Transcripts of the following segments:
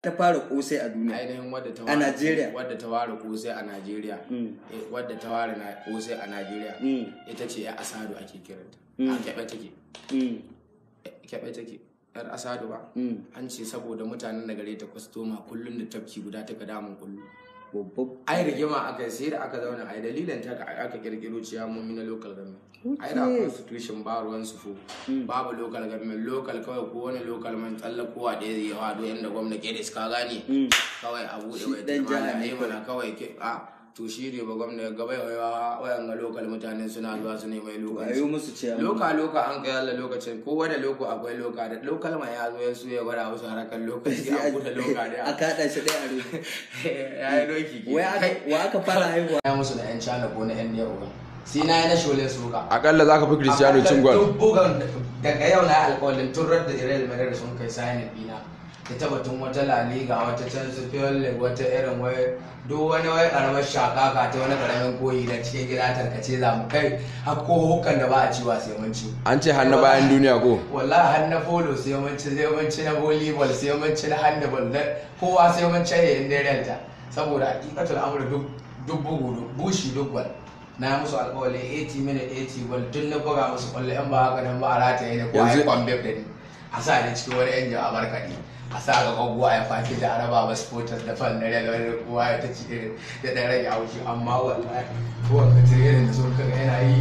ta fara kosai a duniya a Najeriya wadda ta fara kosai a Najeriya mm. eh, wadda ta fara kosai a nigeria mm. ita ce ya asado ake kiranta mm. a kebe take eh, kebe take yar asado ba an ce saboda mutanen da gare ta kwastoma kullum da tafki guda ta ka damun kullum ai rigima aka yi sai da aka zauna ai dalilin ta aka kirkiro ciyamomi na local government ai da constitution ba ruwan su fo hmm. babu local government local kawai ko wani local man tsallakowa da ya yawa do yanda gwamnati da suka gane kawai abu da wai ta mana kawai a to shi ne ba gwamna ya gaba yawa wayan ga lokal mutane suna zuwa su ne mai lokaci musu ce loka loka an kai Allah lokacin ko wani loko akwai loka da lokal mai ya zo ya su ya gwada wasu harakan lokaci a buɗe loka da a kada shi dai a rufe ya yi doki wa aka fara haihuwa ya musu da yan cana ko na yan ne sai na yi na shole suka akalla za ka fi cristiano cin gwal daga yau na alƙawarin turar da irin da sun kai sayanin dina ita batun wata laliga wata can su fiyolle wata irin wai duk wani wai karamar shakaka ta wani karamin koyi da cikin gida tarkace za mu kai har ko hukan da ba a ciwa sai mun ci an ce hannu bayan duniya ko wallahi hannu na polo sai mun ci sai mun ci na volleyball sai mun ci na handball kowa sai mun ci ne inda ranta saboda hakikatul amur duk duk bugu bushi duk wal na musu alƙawarin 80 minute 80 gol tun na buga musu kwallo yan ba haka nan ba a rataye da kwaye kwambe da ni a sa ne cikin wani yan jama'a barkaɗi a sa ga gwagwa ya fafi da araba ba supporters da fal dare da kowa ya ta ci da ɗan rage haushi amma wallahi kowane ka tire irin da sun kaga yana yi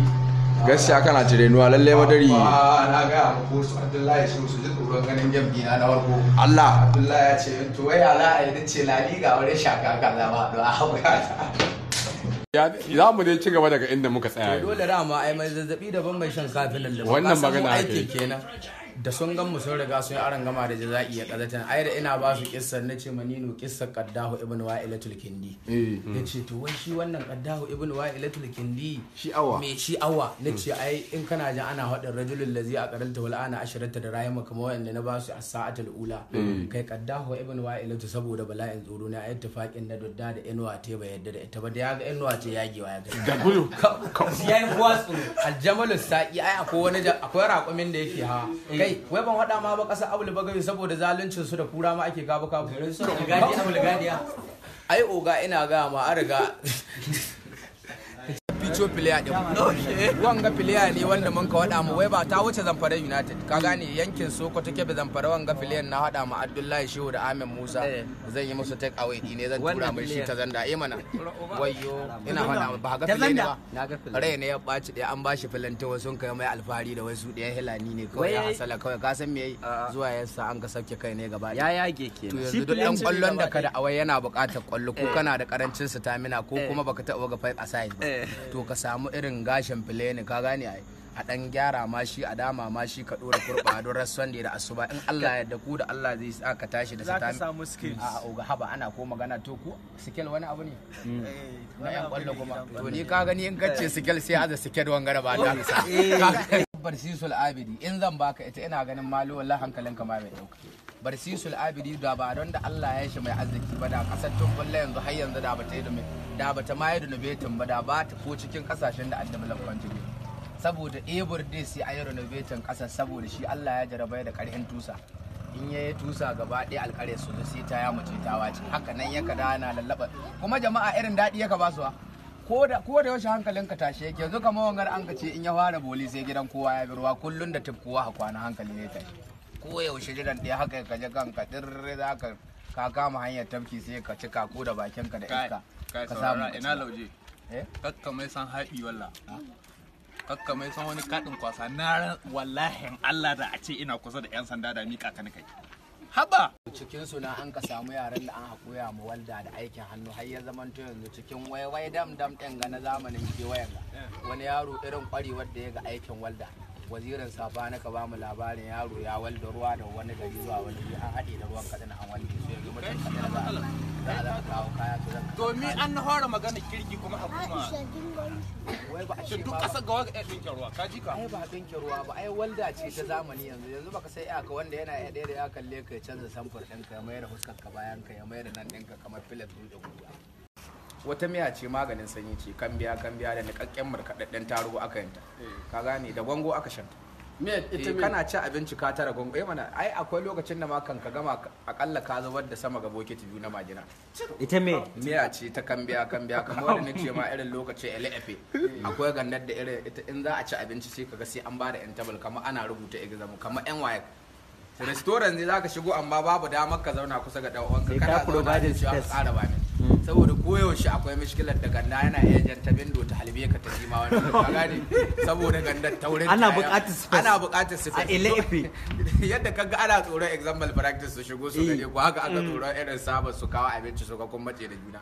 gaskiya kana tire nuwa lalle madari na ga ko su Abdullahi su su ji tsoron ganin jambi na farko Allah Abdullahi ya ce to wai ala ai da ce lali ga wani shaka kaza ba do a hauka za mu dai ci gaba daga inda muka tsaya dole dama ai mai zazzabi daban mai shan kafin lalle wannan magana ake kenan da sun gan mu sun riga sun yi aron gama da jaza'i ya kazatan ai da ina ba su kissar na ce manino kissar qaddahu ibn wa'ilatul kindi ya eh. ce to wai shi wannan qaddahu ibn wa'ilatul kindi shi awa me shi awa na ce hmm. ai in kana jin ana hadin rajulul ladzi aqaralta wal ana asharata da rayima kamar wanda na ba su as-sa'atul ula hmm. kai qaddahu ibn wa'ilatu saboda bala'in tsoro ne. ayat tafaqin na dodda da inuwa te bai yadda da ita ba da ya ga inuwa te yagewa ya ga da gudu ya yi kuwa tsoro aljamalu sa'i ai akwai wani akwai raƙumin da yake hawa eh. kai wai ban hada ma ba kasa abul bagawi saboda zaluncin su da kura ma ake gaba kabu garin su gadi abul gadiya ah. oga ina ga ma an riga future player din wanga player ne wanda mun ka wada mu wai ba ta wuce zamfara united ka gane yankin sokoto kebe zamfara wanga player na hada mu abdullahi shehu da ahmed musa eh. zan yi musu take away ne zan tura mai shi ta zanda eh mana wayyo ina mu ba ga player ba rai ne ya baci da an bashi filantawa wasu kai mai alfahari da wasu da ya hilani ne kawai ya hasala kawai ka san me yayi ah. zuwa yasa an ka sauke kai ne gaba ya yage kenan to yanzu duk ɗan kwallon da ka da awai yana bukatar kwallo ko eh. kana da karancin stamina ko eh. kuma baka taɓa ga 5 aside ba. to ka samu irin gashin fileni ka gane ai a dan gyara ma shi a dama ma shi ka dora kurba don rassan da asuba in Allah ya da ku da Allah zai sa ka tashi da za ka samu skills a oga haba ana ko magana to ku skill wani abu ne mm. eh, na yan kwallo kuma eh, to ni ka gani in kace skill sai aza skill wangara ba da eh. ka barsisul abidi in zan baka ita ina ganin malu wallahi hankalinka ma bai dauka barsisul abidi da ba don da Allah ya shi mai arziki ba da kasar tun kulla yanzu har yanzu da bata yi da da bata mayar da nubetin ba da ba ta ko cikin kasashen da addabi lamkon jini saboda ebur dai sai ayi yi renovating kasar saboda shi Allah ya jarabai da karhin tusa in ya yi tusa gaba ɗaya alƙare su sai ta ya mace ta wace haka nan ya kada dana lallaba kuma jama'a irin daɗi ya ka ba su ko da yaushe hankalinka tashe yake yanzu kamar wangar an ka ce in ya fara boli sai gidan kowa ya bi ruwa kullun da tif kowa ha kwana hankali ne tashi koyaushe jiran ɗaya haka ka je kanka dirre za ka ka kama hanyar tafki sai ka ci kako da bakinka da iska ka samu ina lauje eh? kakka mai san haɗi walla kakka mai san wani kaɗin kwasa na wallahin Allah da a ce ina kusa da 'yan sanda da mika ka kai haba cikin suna an ka samu yaran da an hakoya mu walda da aikin hannu har ya zaman to yanzu cikin waiwai dam dam ɗin ga na zamanin kewayen ga eh. wani yaro irin kwarewar da ya ga aikin walda wazirin safa na ka bamu labarin yaro ya walda ruwa da wani gari zuwa wani gari an haɗe da ruwan kaɗan an walda su yanzu mutum kaɗan da za a kawo kaya su zan domin an hora magana kirki kuma hukuma wai ba a ce duk ƙasa ga waka ɗinke ruwa ka ji ka ai ba ɗinke ruwa ba ai walda ce ta zamani yanzu yanzu baka sai iyaka wanda yana ya ɗaya da ya kalle ka ya canza samfur ɗinka ya mayar da huskar ka bayan ka ya mayar da nan ɗinka kamar filas dutse guda wata miya ce maganin sanyi ce kan biya kan biya da nikakken markaɗaɗɗen taro aka yanta eh. ka gane da gwango aka shanta eh, kana ci abinci ka tara gwango eh mana ai akwai lokacin da ma kan ka gama akalla ka zubar da sama ga bokiti biyu na majina ita me miya ce ta kan biya kan biya kamar wani ce ma irin lokacin LFA akwai gandar da irin ita in za a ci abinci sai kaga sai an ba da table kamar ana rubuta exam kamar yan waye restaurant ne ka shigo amma babu damar ka zauna kusa ga dawon ka kana zauna ah, ka ƙara ba ne saboda koyaushe akwai mishkilar da ganda yana iya janta bindo ta halbe ka ta jima wani gane saboda gandar taurin ana bukatar space ana bukatar space a ilefe yadda kaga ana tsoron example practice su shigo su eh. gane ko haka aka mm. tsoron irin sabon su kawo abinci su ga kun mace da juna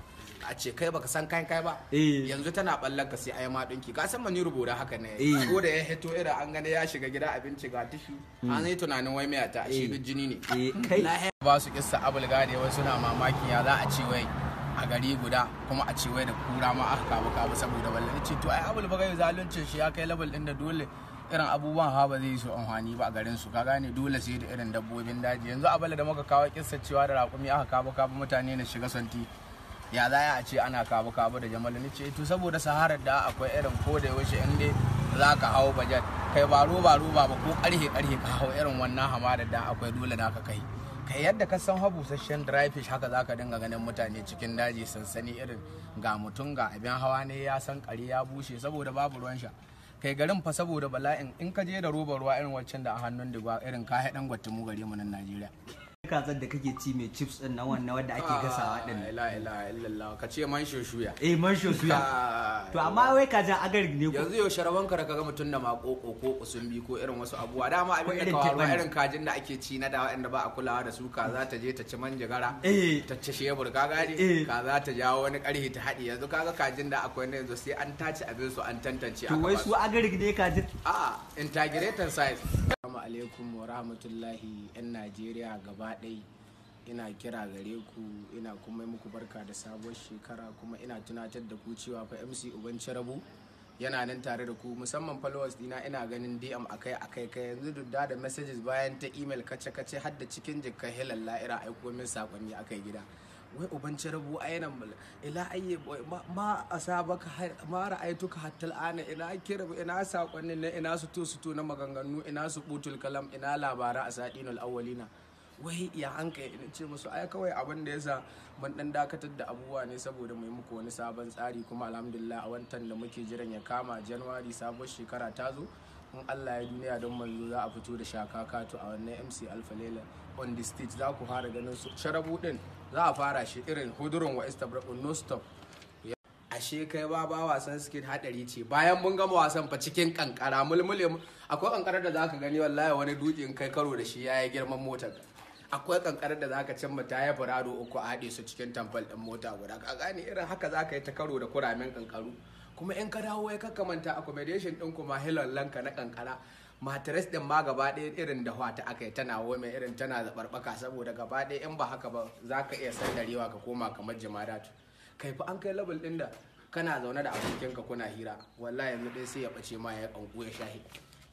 a ce kai baka san kayan kai ba eh. yanzu tana ballan ka sai ayi ma dinki ka san mani rubuta haka ne eh. ko da ya hito ira an gane ya shiga gida abinci ga tishu mm. an yi tunanin wai mai ta shi jini ne kai ba su kissa abul gane wasu na mamaki ya za a ci wai a gari guda kuma a ce wai da kura ma aka kabu kabu saboda balla ce to ai abul bagai zaluncin shi ya kai level din da dole irin abubuwan ha ba zai yi su amfani ba a garin su ka gane dole sai da irin dabbobin daji yanzu a balle da muka kawo kissa cewa da raƙumi aka kabu kabu mutane na shiga santi ya za a ce ana kabu kabu da jamal ni ce to saboda saharar da akwai irin ko da yaushe in dai za ka hau bajet kai ba roba ba ko karhe karhe ka hau irin wannan hamadar da akwai dole da ka kai kai yadda ka san habusasshen dry fish haka zaka dinga ganin mutane cikin daji sansani irin ga mutum ga abin hawa ne ya san kare ya bushe saboda babu ruwan sha kai garin fa saboda bala'in in ka je da roba ruwa irin waccan da a hannun digwa irin ka haɗin gwattumu gare mu nan Najeriya kazan da kake ci mai chips din na wannan wadda ake gasawa din ah, la ilaha Allah ka ce man shoshuya eh man shoshuya to amma wai kaza agar ne ko yanzu yo sharaban ka kaga mutun da makoko ko kusumbi ko irin wasu abuwa dama abin da kawo irin kajin da ake ci na da inda ba a kulawa da su kaza ta je ta ci manjagara eh. ta ci shebur ka gane eh. kaza ta jawo wani karhi ta haɗi yanzu kaga kajin da akwai na yanzu sai an tace abin su an tantance to wai su agar ne kajin a ah, integrated size alaikum wa rahmatullahi 'yan najeriya gaba ɗai ina kira gare ku ina kuma muku barka da sabuwar shekara kuma ina tunatar da ku cewa fa mc uban rabu yana nan tare da ku musamman followers dina ina ganin dm akai akai kai yanzu dudda da messages bayan ta email kace kace har da cikin jikka hilal la'ira aiko min sakonni akai gida wai uban a yanar mala ila ayye ma a sabaka ma hatta al'ana kira kirabu ina saƙonnin na ina su to su na maganganu ina su butul kalam ina labara a sadinul alawalina wai ya hanka ya ce musu ai kawai abin da yasa ban dan dakatar da abubuwa ne saboda mai muku wani sabon tsari kuma alhamdulillah a wantan da muke jiran ya kama januwari sabon shekara ta zo in Allah ya duniya don manzo za a fito da shakaka to a wannan MC Alfa on the stage za ku fara ganin su sharabu din za a fara shi irin hudurin wa istabrakun no stop ashe kai ba ba wasan suke hadari ce bayan mun gama wasan fa cikin kankara mulmule akwai kankarar da zaka gani wallahi wani dukin kai karo da shi yayi girman motar akwai kankarar da zaka cin ta ya furado uku a haɗe su cikin tamfal ɗin mota guda ka gani irin haka zaka yi ta karo da kuramin kankaru kuma in ka dawo ya manta accommodation ɗin kuma hilallanka na kankara matires din ma gaba ɗaya irin da hwata aka yi tana mai irin tana zaɓarɓaka saboda gaba ɗaya in ba haka ba za ka iya sandarewa ka koma kamar jimadatu kai fa an kai labul ɗin da kana zaune da ka kuna hira wallahi yanzu dai sai ya ɓace ma ya kanku ya shahi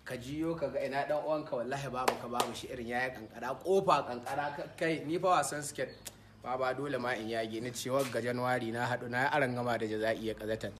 ka jiyo ka ga ina dan uwanka wallahi babu ka babu shi irin yaya kankara kofa kankara kai ni fa wasan sket ba ba dole ma in yage ni cewa ga januwari na haɗu na yi gama da jaza'i ya kazatan